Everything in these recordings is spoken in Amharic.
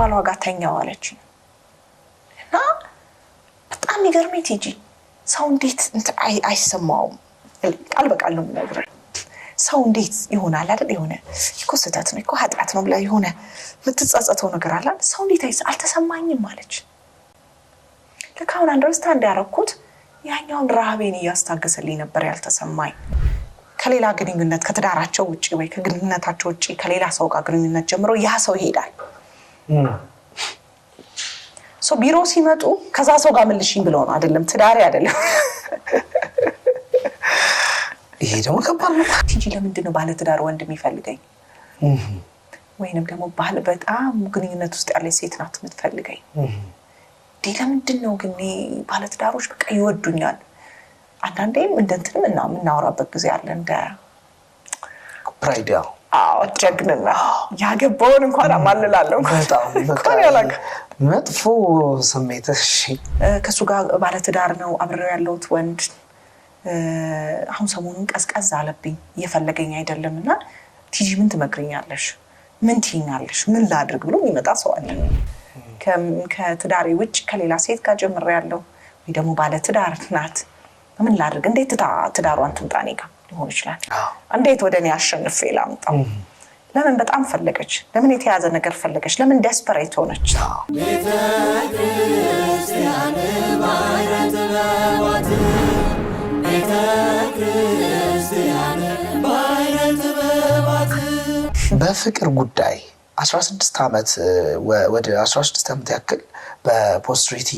ከባሏ ጋር ተኛዋለች እና በጣም ይገርሜት ቲጂ ሰው እንዴት አይሰማውም። ቃል በቃል ነው የምነግርህ። ሰው እንዴት ይሆናል አይደል? የሆነ እኮ ስህተት ነው እኮ ኃጢአት ነው ብላ የሆነ የምትጸጸተው ነገር አለ። ሰው እንዴት አይ አልተሰማኝም አለች። ልክ አሁን አንደርስታንድ ያደረኩት ያኛውን ረሃቤን እያስታገሰልኝ ነበር ያልተሰማኝ። ከሌላ ግንኙነት ከትዳራቸው ውጭ ወይ ከግንኙነታቸው ውጭ ከሌላ ሰው ጋር ግንኙነት ጀምሮ ያ ሰው ይሄዳል ቢሮ ሲመጡ ከዛ ሰው ጋር መልሽኝ ብለው ነው አይደለም? ትዳሬ አይደለም። ይሄ ደግሞ ከባድ ነው። ቲጂ ለምንድን ነው ባለትዳር ወንድ የሚፈልገኝ? ወይንም ደግሞ ባል በጣም ግንኙነት ውስጥ ያለች ሴት ናት የምትፈልገኝ። እንዲህ ለምንድን ነው ግን ባለትዳሮች በቃ ይወዱኛል? አንዳንዴም እንደንትንም እና የምናወራበት ጊዜ አለ እንደ ፕራይድ ያው አዎ ጀግንና ያገባውን እንኳን አማልላለሁ። መጥፎ ስሜት። እሺ ከእሱ ጋር ባለትዳር ነው አብሬው ያለሁት ወንድ አሁን ሰሞኑን ቀዝቀዝ አለብኝ፣ እየፈለገኝ አይደለም እና ቲጂ ምን ትመክርኛለሽ? ምን ትይኛለሽ? ምን ላድርግ ብሎ የሚመጣ ሰው አለ። ከትዳሬ ውጭ ከሌላ ሴት ጋር ጀምሬያለሁ ወይ ደግሞ ባለትዳር ናት፣ ምን ላድርግ? እንዴት ትዳሯን ትምጣኔ ጋር ሊሆን ይችላል። እንዴት ወደ እኔ አሸንፌ ላምጣው? ለምን በጣም ፈለገች? ለምን የተያዘ ነገር ፈለገች? ለምን ደስፐሬት ሆነች? በፍቅር ጉዳይ 16 ዓመት ወደ 16 ዓመት ያክል በፖስትሪቲ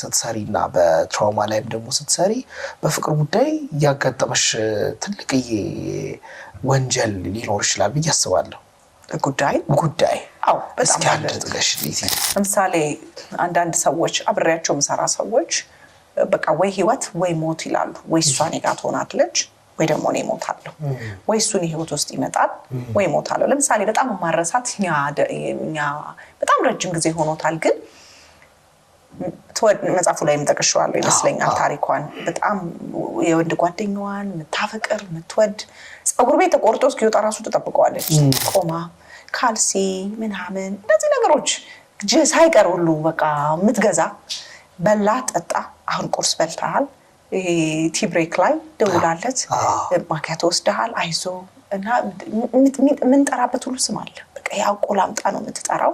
ስትሰሪ እና በትራውማ ላይም ደግሞ ስትሰሪ በፍቅር ጉዳይ ያጋጠመሽ ትልቅዬ ወንጀል ሊኖር ይችላል ብዬ አስባለሁ። ጉዳይ ጉዳይ አዎ፣ ለምሳሌ አንዳንድ ሰዎች አብሬያቸው የምሰራ ሰዎች በቃ ወይ ህይወት ወይ ሞት ይላሉ፣ ወይ እሷ እኔ ጋ ትሆናለች ወይ ደግሞ እኔ ሞታለሁ ወይ እሱን የህይወት ውስጥ ይመጣል ወይ ሞታለሁ ለምሳሌ በጣም ማረሳት በጣም ረጅም ጊዜ ሆኖታል፣ ግን መጽፉ ላይ የምጠቅሸዋለሁ ይመስለኛል ታሪኳን በጣም የወንድ ጓደኛዋን ምታፈቅር ምትወድ ፀጉር ቤት ተቆርጦ እስኪወጣ ራሱ ትጠብቀዋለች ቆማ ካልሲ ምናምን እነዚህ ነገሮች ሳይቀር ሁሉ በቃ የምትገዛ በላ ጠጣ። አሁን ቁርስ በልተሃል ቲብሬክ ላይ ደውላለት ማኪያቶ ወስደሃል፣ አይዞ እና የምንጠራበት ሁሉ ስም አለ። በቃ አቆላምጣ ነው የምትጠራው።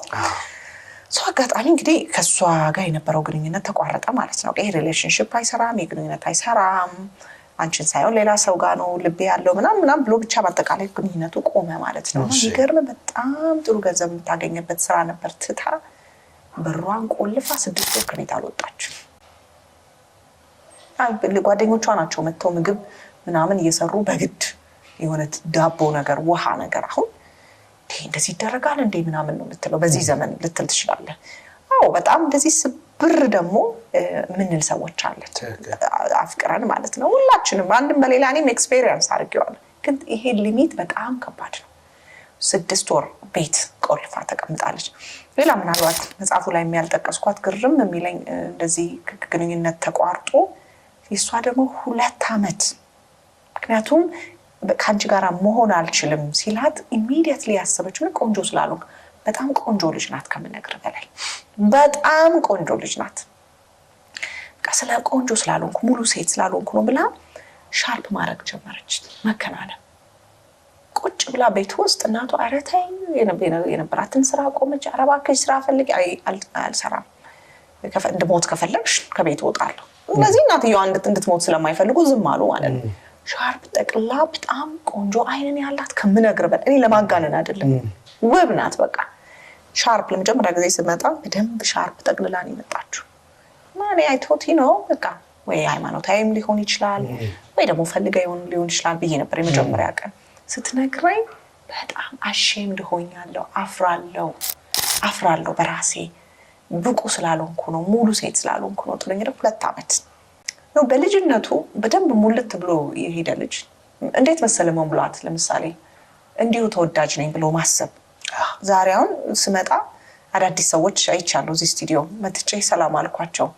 ሰው አጋጣሚ እንግዲህ ከእሷ ጋር የነበረው ግንኙነት ተቋረጠ ማለት ነው። ይሄ ሪሌሽንሽፕ አይሰራም፣ ይሄ ግንኙነት አይሰራም፣ አንቺን ሳይሆን ሌላ ሰው ጋር ነው ልቤ ያለው ምናም ምናም ብሎ ብቻ በአጠቃላይ ግንኙነቱ ቆመ ማለት ነው። ሚገርም በጣም ጥሩ ገንዘብ የምታገኝበት ስራ ነበር። ትታ በሯን ቆልፋ ስድስት ወር ከኔት አልወጣችም። ጓደኞቿ ናቸው መጥተው ምግብ ምናምን እየሰሩ በግድ የሆነ ዳቦ ነገር ውሃ ነገር አሁን እንደዚህ ይደረጋል እንዴ ምናምን ነው ልትለው በዚህ ዘመን ልትል ትችላለህ። አዎ በጣም እንደዚህ ስብር ደግሞ ምንል ሰዎች አለን አፍቅረን ማለት ነው። ሁላችንም አንድም በሌላ እኔም ኤክስፔሪየንስ አድርጌዋለሁ። ግን ይሄ ሊሚት በጣም ከባድ ነው። ስድስት ወር ቤት ቆልፋ ተቀምጣለች። ሌላ ምናልባት መጽሐፉ ላይ የሚያልጠቀስኳት ግርም የሚለኝ እንደዚህ ግንኙነት ተቋርጦ የእሷ ደግሞ ሁለት ዓመት ምክንያቱም ከአንቺ ጋር መሆን አልችልም ሲላት ኢሚዲየትሊ ያሰበችው ቆንጆ ስላሉ በጣም ቆንጆ ልጅ ናት፣ ከምነግር በላይ በጣም ቆንጆ ልጅ ናት። ስለ ቆንጆ ስላልሆንኩ ሙሉ ሴት ስላልሆንኩ ነው ብላ ሻርፕ ማድረግ ጀመረች። መከናነብ ቁጭ ብላ ቤት ውስጥ እናቷ ኧረ የነበራትን ስራ ቆመች። ኧረ እባክሽ ስራ ፈልግ አልሰራም ሞት ከፈለግሽ ከቤት እወጣለሁ። እነዚህ እናትየዋ እንድትሞት ስለማይፈልጉ ዝም አሉ ማለት ነው። ሻርፕ ጠቅላ በጣም ቆንጆ አይንን ያላት ከምነግር በላይ እኔ ለማጋነን አይደለም፣ ውብ ናት። በቃ ሻርፕ ለመጀመሪያ ጊዜ ስመጣ በደንብ ሻርፕ ጠቅልላ ነው የመጣችው እና እኔ አይቶቲ ነው በቃ ወይ ሃይማኖታዊም ሊሆን ይችላል ወይ ደግሞ ፈልጋ የሆን ሊሆን ይችላል ብዬ ነበር የመጀመሪያ ቀን። ስትነግረኝ በጣም አሼምድ ሆኛለሁ። አፍራለሁ አፍራለሁ በራሴ ብቁ ስላልሆንኩ ነው፣ ሙሉ ሴት ስላልሆንኩ ነው ጥሎኝ እንግዲህ ሁለት ዓመት ነው። በልጅነቱ በደንብ ሙልት ብሎ የሄደ ልጅ እንዴት መሰለ መሙላት። ለምሳሌ እንዲሁ ተወዳጅ ነኝ ብሎ ማሰብ። ዛሬ አሁን ስመጣ አዳዲስ ሰዎች አይቻለሁ። እዚህ ስቱዲዮ መጥቼ ሰላም አልኳቸው።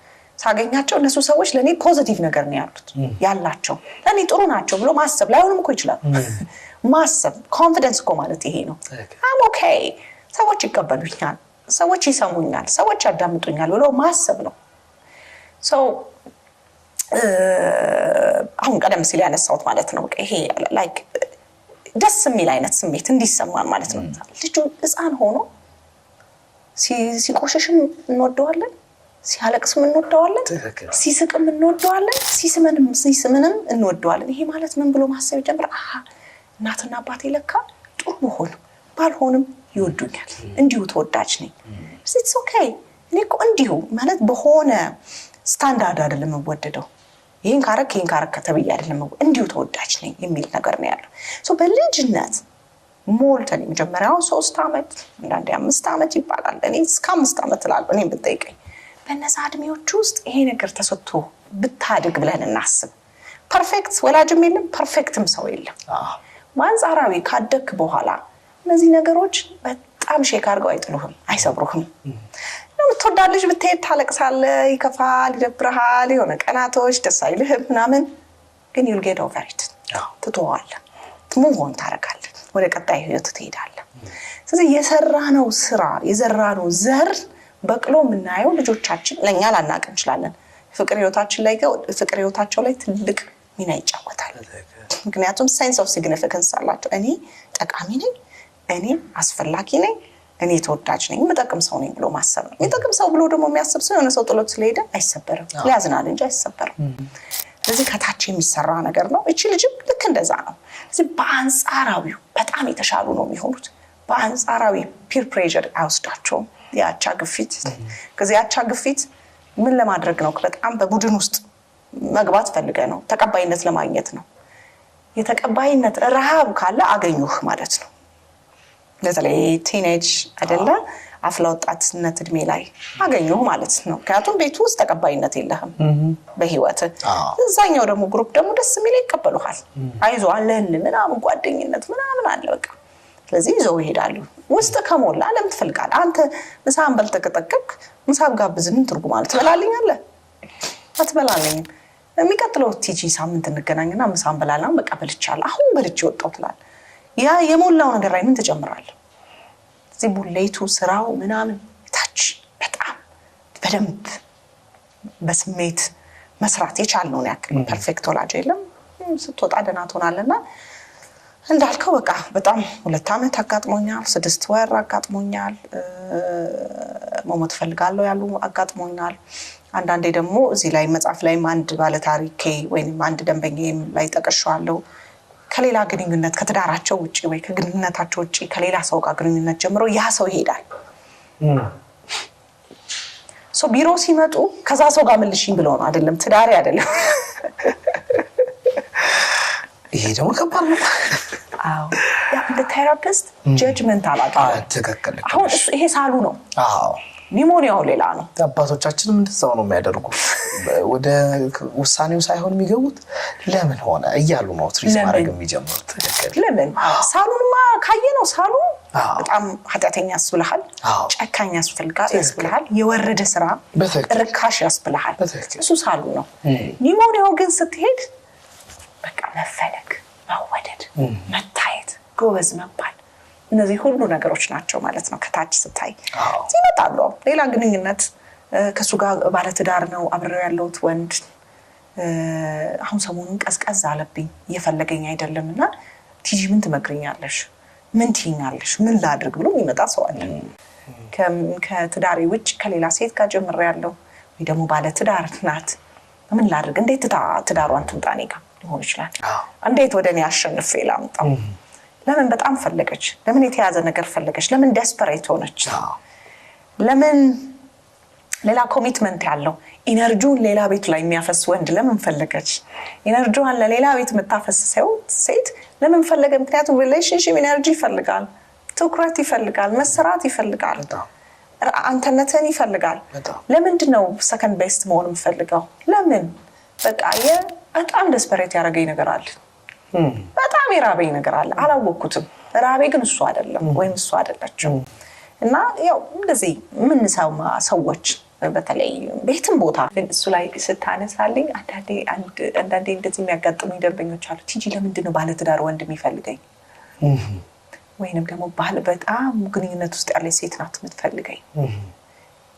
ሳገኛቸው እነሱ ሰዎች ለእኔ ፖዚቲቭ ነገር ነው ያሉት ያላቸው ለእኔ ጥሩ ናቸው ብሎ ማሰብ። ላይሆንም እኮ ይችላል ማሰብ። ኮንፊደንስ እኮ ማለት ይሄ ነው። ኦኬ ሰዎች ይቀበሉኛል ሰዎች ይሰሙኛል፣ ሰዎች ያዳምጡኛል ብሎ ማሰብ ነው። አሁን ቀደም ሲል ያነሳሁት ማለት ነው ይሄ ላይክ ደስ የሚል አይነት ስሜት እንዲሰማን ማለት ነው። ልጁ ህፃን ሆኖ ሲቆሸሽም እንወደዋለን፣ ሲያለቅስም እንወደዋለን፣ ሲስቅም እንወደዋለን፣ ሲስምንም ሲስምንም እንወደዋለን። ይሄ ማለት ምን ብሎ ማሰብ ጀምር እናትና አባቴ ለካ ጥሩ ብሆንም ባልሆንም ይወዱኛል። እንዲሁ ተወዳጅ ነኝ። ኢትስ ኦኬ። እኔ እኮ እንዲሁ ማለት በሆነ ስታንዳርድ አይደለም የምወደደው። ይህን ካረክ ይህን ካረክ ተብዬ አይደለም እንዲሁ ተወዳጅ ነኝ የሚል ነገር ነው ያለው። በልጅነት ሞልተን የመጀመሪያው ሶስት ዓመት አንዳንዴ አምስት ዓመት ይባላል። እኔ እስከ አምስት ዓመት እላለሁ። እኔም ብጠይቀኝ በነዛ እድሜዎች ውስጥ ይሄ ነገር ተሰጥቶ ብታድግ ብለን እናስብ። ፐርፌክት ወላጅም የለም፣ ፐርፌክትም ሰው የለም። በአንጻራዊ ካደግ በኋላ እነዚህ ነገሮች በጣም ሼክ አድርገው አይጥሉህም፣ አይሰብሩህም። የምትወዳት ልጅ ብትሄድ ታለቅሳለ ይከፋል፣ ይደብረሃል፣ የሆነ ቀናቶች ደስ አይልህም ምናምን፣ ግን ዩል ጌት ኦቨር ኢት ትተዋለህ፣ ወደ ቀጣይ ህይወት ትሄዳለ ስለዚህ የሰራነው ስራ ነው ዘር በቅሎ የምናየው ልጆቻችን ለእኛ ላናቅ እንችላለን። ፍቅር ህይወታችን ላይ ፍቅር ህይወታቸው ላይ ትልቅ ሚና ይጫወታል። ምክንያቱም ሳይንስ ኦፍ ሲግኒፊካንስ አላቸው። እኔ ጠቃሚ ነኝ እኔ አስፈላጊ ነኝ፣ እኔ ተወዳጅ ነኝ፣ የምጠቅም ሰው ነኝ ብሎ ማሰብ ነው። የሚጠቅም ሰው ብሎ ደግሞ የሚያስብ ሰው የሆነ ሰው ጥሎት ስለሄደ አይሰበርም፣ ሊያዝናል እንጂ አይሰበርም። ስለዚህ ከታች የሚሰራ ነገር ነው። እቺ ልጅም ልክ እንደዛ ነው። ስለዚህ በአንጻራዊው በጣም የተሻሉ ነው የሚሆኑት። በአንጻራዊ ፒር ፕሬዥር አይወስዳቸውም። የአቻ ግፊት ከዚ የአቻ ግፊት ምን ለማድረግ ነው? በጣም በቡድን ውስጥ መግባት ፈልገ ነው፣ ተቀባይነት ለማግኘት ነው። የተቀባይነት ረሃብ ካለ አገኙህ ማለት ነው። በተለይ ቲኔጅ አይደለ አፍላ ወጣትነት እድሜ ላይ አገኙ ማለት ነው። ምክንያቱም ቤቱ ውስጥ ተቀባይነት የለህም በህይወት እዛኛው ደግሞ ግሩፕ ደግሞ ደስ የሚል ይቀበሉሃል። አይዞ አለህን ምናምን ጓደኝነት ምናምን አለ በቃ ስለዚህ ይዘው ይሄዳሉ። ውስጥ ከሞላ ለምን ትፈልጋል? አንተ? ምሳን በልተህ ከጠገብክ ምሳብ ጋብዝ ምን ትርጉም አለ? ትበላልኛለህ? አትበላለኝም። የሚቀጥለው ቲጂ ሳምንት እንገናኝና ምሳን በላልና በቃ በልቻለሁ አሁን በልቼ ወጣሁ ትላለህ። ያ የሞላው ነገር ላይ ምን ትጨምራለህ? እዚህ ቡሌቱ ስራው ምናምን ታች በጣም በደንብ በስሜት መስራት የቻልነውን ያክል ፐርፌክት ወላጅ የለም። ስትወጣ ደህና ትሆናለና እንዳልከው በቃ በጣም ሁለት ዓመት አጋጥሞኛል፣ ስድስት ወር አጋጥሞኛል፣ መሞት ፈልጋለሁ ያሉ አጋጥሞኛል። አንዳንዴ ደግሞ እዚህ ላይ መጽሐፍ ላይም አንድ ባለታሪኬ ወይም አንድ ደንበኛ ላይ ጠቀሻዋለሁ ከሌላ ግንኙነት ከትዳራቸው ውጭ ወይ ከግንኙነታቸው ውጭ ከሌላ ሰው ጋር ግንኙነት ጀምሮ ያ ሰው ይሄዳል። ቢሮ ሲመጡ ከዛ ሰው ጋር መልሽኝ ብለው ነው አይደለም፣ ትዳሬ አይደለም። ይሄ ደግሞ ከባድ ነው። እንደ ቴራፒስት ጀጅመንት አላውቅም። አሁን ይሄ ሳሉ ነው ኒሞኒያው ሌላ ነው። አባቶቻችን እንደዛው ነው የሚያደርጉ። ወደ ውሳኔው ሳይሆን የሚገቡት ለምን ሆነ እያሉ ነው ትሪት ማድረግ የሚጀምሩት። ለምን ሳሉንማ ነው ሳሉ በጣም ኃጢአተኛ ያስብልሃል፣ ጨካኝ ያስብልሃል፣ የወረደ ስራ ርካሽ ያስብልሃል። እሱ ሳሉ ነው። ኒሞኒያው ግን ስትሄድ በቃ መፈለግ፣ መወደድ፣ መታየት፣ ጎበዝ መባል እነዚህ ሁሉ ነገሮች ናቸው ማለት ነው። ከታች ስታይ ይመጣሉ። ሌላ ግንኙነት ከእሱ ጋር ባለትዳር ነው አብረው ያለውት ወንድ አሁን ሰሞኑን ቀዝቀዝ አለብኝ እየፈለገኝ አይደለም እና ቲጂ ምን ትመክርኛለሽ? ምን ትይኛለሽ? ምን ላድርግ ብሎ የሚመጣ ሰው አለ። ከትዳሬ ውጭ ከሌላ ሴት ጋር ጀምሬያለሁ ወይ ደግሞ ባለትዳር ናት፣ ምን ላድርግ? እንዴት ትዳሯን ትምጣ እኔ ጋር ሊሆን ይችላል። እንዴት ወደ እኔ አሸንፌ ላምጣው ለምን በጣም ፈለገች? ለምን የተያዘ ነገር ፈለገች? ለምን ደስፐሬት ሆነች? ለምን ሌላ ኮሚትመንት ያለው ኢነርጂውን ሌላ ቤት ላይ የሚያፈስ ወንድ ለምን ፈለገች? ኢነርጂዋን ለሌላ ቤት የምታፈስ ሴት ለምን ፈለገ? ምክንያቱም ሪሌሽንሽፕ ኢነርጂ ይፈልጋል፣ ትኩረት ይፈልጋል፣ መሰራት ይፈልጋል፣ አንተነትን ይፈልጋል። ለምንድን ነው ሰከንድ ቤስት መሆን የምፈልገው? ለምን በቃ በጣም ደስፐሬት ያደረገኝ ነገር አለ በጣም የራበኝ ነገር አለ፣ አላወቅኩትም። ራቤ ግን እሱ አይደለም ወይም እሱ አይደለችም። እና ያው እንደዚህ የምንሰማ ሰዎች በተለይ ቤትም ቦታ እሱ ላይ ስታነሳልኝ አንዳንዴ እንደዚህ የሚያጋጥሙ ደንበኞች አሉ። ቲጂ ለምንድን ባለትዳር ወንድ የሚፈልገኝ? ወይንም ደግሞ ባል በጣም ግንኙነት ውስጥ ያለ ሴት ናት የምትፈልገኝ።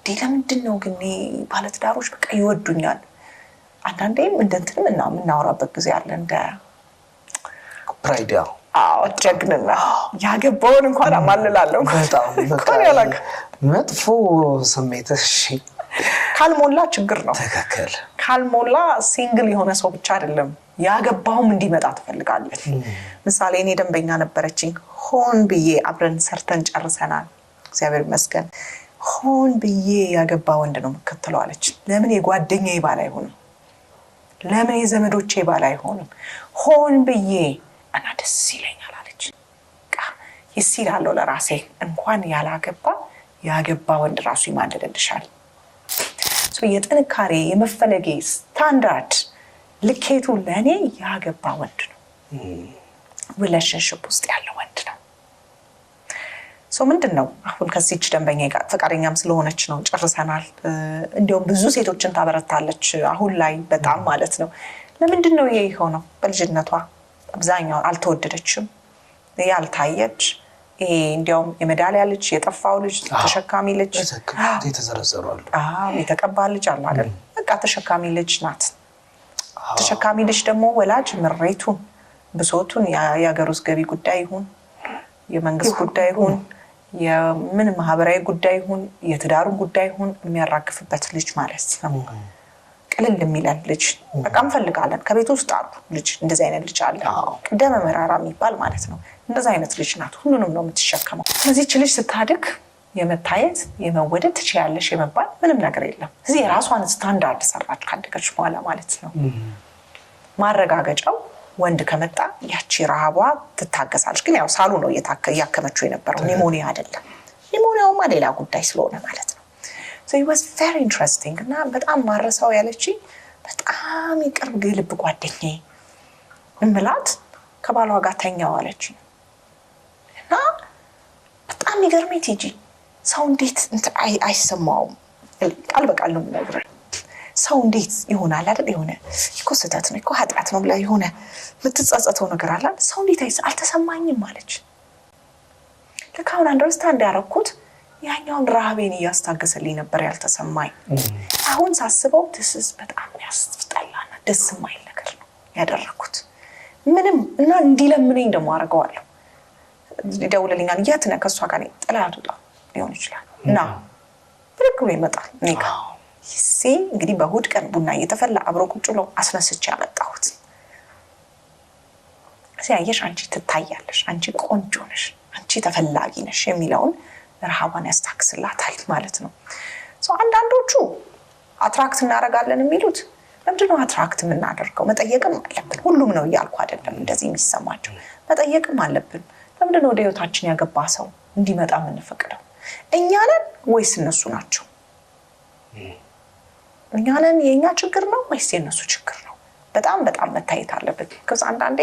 ዲ ለምንድን ነው ግን ባለትዳሮች በቃ ይወዱኛል። አንዳንዴም እንደ እንትንም ጊዜ አለ እንደ ፕራይድ ያው አዎ ጀግንና ያገባውን እንኳን አማንላለሁ እንኳን ያላ መጥፎ ስሜት እሺ ካልሞላ ችግር ነው። ትክክል ካልሞላ ሲንግል የሆነ ሰው ብቻ አይደለም ያገባውም እንዲመጣ ትፈልጋለች። ምሳሌ እኔ ደንበኛ ነበረችኝ። ሆን ብዬ አብረን ሰርተን ጨርሰናል፣ እግዚአብሔር ይመስገን። ሆን ብዬ ያገባ ወንድ ነው ምከትለዋለች ለምን የጓደኛ ባል አይሆንም? ለምን የዘመዶቼ ባል አይሆንም? ሆን ብዬ እና ደስ ይለኛል አለች። በቃ ይስ ይላለው ለራሴ እንኳን ያላገባ ያገባ ወንድ ራሱ ይማደደልሻል። የጥንካሬ የመፈለጌ ስታንዳርድ ልኬቱ ለእኔ ያገባ ወንድ ነው፣ ሪሌሽንሽፕ ውስጥ ያለ ወንድ ነው። ምንድን ነው አሁን ከዚች ደንበኛ ጋር ፈቃደኛም ስለሆነች ነው ጨርሰናል። እንዲሁም ብዙ ሴቶችን ታበረታለች አሁን ላይ በጣም ማለት ነው። ለምንድን ነው ይሄ የሆነው በልጅነቷ አብዛኛው አልተወደደችም፣ ያልታየች እንዲያውም የሜዳሊያ ልጅ፣ የጠፋው ልጅ፣ ተሸካሚ ልጅ የተቀባ ልጅ አሉ አይደል? በቃ ተሸካሚ ልጅ ናት። ተሸካሚ ልጅ ደግሞ ወላጅ ምሬቱን፣ ብሶቱን የሀገር ውስጥ ገቢ ጉዳይ ይሁን የመንግስት ጉዳይ ይሁን የምን ማህበራዊ ጉዳይ ይሁን የትዳሩ ጉዳይ ይሁን የሚያራግፍበት ልጅ ማለት ነው። ቅልል የሚለን ልጅ በቃ እንፈልጋለን። ከቤት ውስጥ አሉ ልጅ እንደዚህ አይነት ልጅ አለ፣ ቅደ መራራ የሚባል ማለት ነው። እንደዚህ አይነት ልጅ ናት፣ ሁሉንም ነው የምትሸከመው። ከዚች ልጅ ስታድግ የመታየት የመወደድ ትችያለሽ የመባል ምንም ነገር የለም። እዚህ የራሷን ስታንዳርድ ሰራች ካደገች በኋላ ማለት ነው። ማረጋገጫው ወንድ ከመጣ ያቺ ረሃቧ ትታገሳለች። ግን ያው ሳሉ ነው እያከመችው የነበረው ኒሞኒያ አይደለም። ኒሞኒያውማ ሌላ ጉዳይ ስለሆነ ማለት ነው ዋዝ ቨሪ ኢንትረስቲንግ እና በጣም ማረሳው ያለችኝ በጣም የቅርብ የልብ ጓደኛዬ እምላት ከባሏ ጋር ተኛው አለችኝ እና በጣም የሚገርመኝ ቲጂ ሰው እንዴት አይሰማውም። ቃል በቃል ነው የምነግርህ። ሰው እንዴት ይሆናል አይደል? የሆነ እኮ ስህተት ነው እኮ ኃጢአት ነው ብላ የሆነ የምትጸጸተው ነገር አለ። ሰው እንዴት አልተሰማኝም አለች። ልክ አሁን አንደርስታንድ ያደረኩት ያኛውን ረሃቤን እያስታገሰልኝ ነበር ያልተሰማኝ። አሁን ሳስበው ትስስ በጣም ያስጠላና ደስ የማይል ነገር ነው ያደረግኩት። ምንም እና እንዲለምነኝ ደግሞ አድርገዋለሁ። ይደውልልኛል። የት ነህ? ከእሷ ጋር ጥላት ሊሆን ይችላል እና ብድግ ብሎ ይመጣል እኔ ጋ እንግዲህ በእሑድ ቀን ቡና እየተፈላ አብሮ ቁጭ ብሎ አስነስቼ ያመጣሁት ሲያየሽ፣ አንቺ ትታያለሽ፣ አንቺ ቆንጆ ነሽ፣ አንቺ ተፈላጊ ነሽ የሚለውን ረሃቧን ያስታክስላታል ማለት ነው። አንዳንዶቹ አትራክት እናደርጋለን የሚሉት ለምንድነው አትራክት የምናደርገው? መጠየቅም አለብን። ሁሉም ነው እያልኩ አይደለም እንደዚህ የሚሰማቸው መጠየቅም አለብን። ለምንድነው ወደ ህይወታችን ያገባ ሰው እንዲመጣ የምንፈቅደው? እኛንን ወይስ እነሱ ናቸው? እኛንን የእኛ ችግር ነው ወይስ የእነሱ ችግር ነው? በጣም በጣም መታየት አለብን። ከዛ አንዳንዴ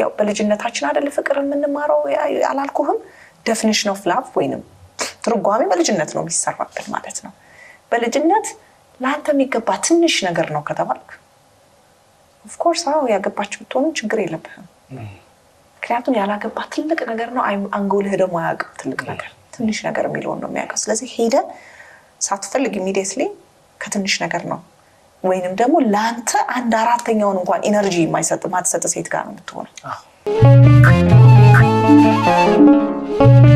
ያው በልጅነታችን አደል ፍቅር የምንማረው አላልኩህም? ደፊኒሽን ኦፍ ላቭ ወይንም ትርጓሜ በልጅነት ነው የሚሰራብን ማለት ነው። በልጅነት ለአንተ የሚገባ ትንሽ ነገር ነው ከተባልክ ኦፍኮርስ አዎ ያገባች ብትሆኑ ችግር የለብህም። ምክንያቱም ያላገባ ትልቅ ነገር ነው። አንጎልህ ደግሞ አያውቅም ትልቅ ነገር ትንሽ ነገር የሚለውን ነው የሚያውቀው። ስለዚህ ሄደ ሳትፈልግ ኢሚዲየትሊ ከትንሽ ነገር ነው ወይንም ደግሞ ለአንተ አንድ አራተኛውን እንኳን ኢነርጂ የማይሰጥ ማትሰጥ ሴት ጋር ነው የምትሆነው።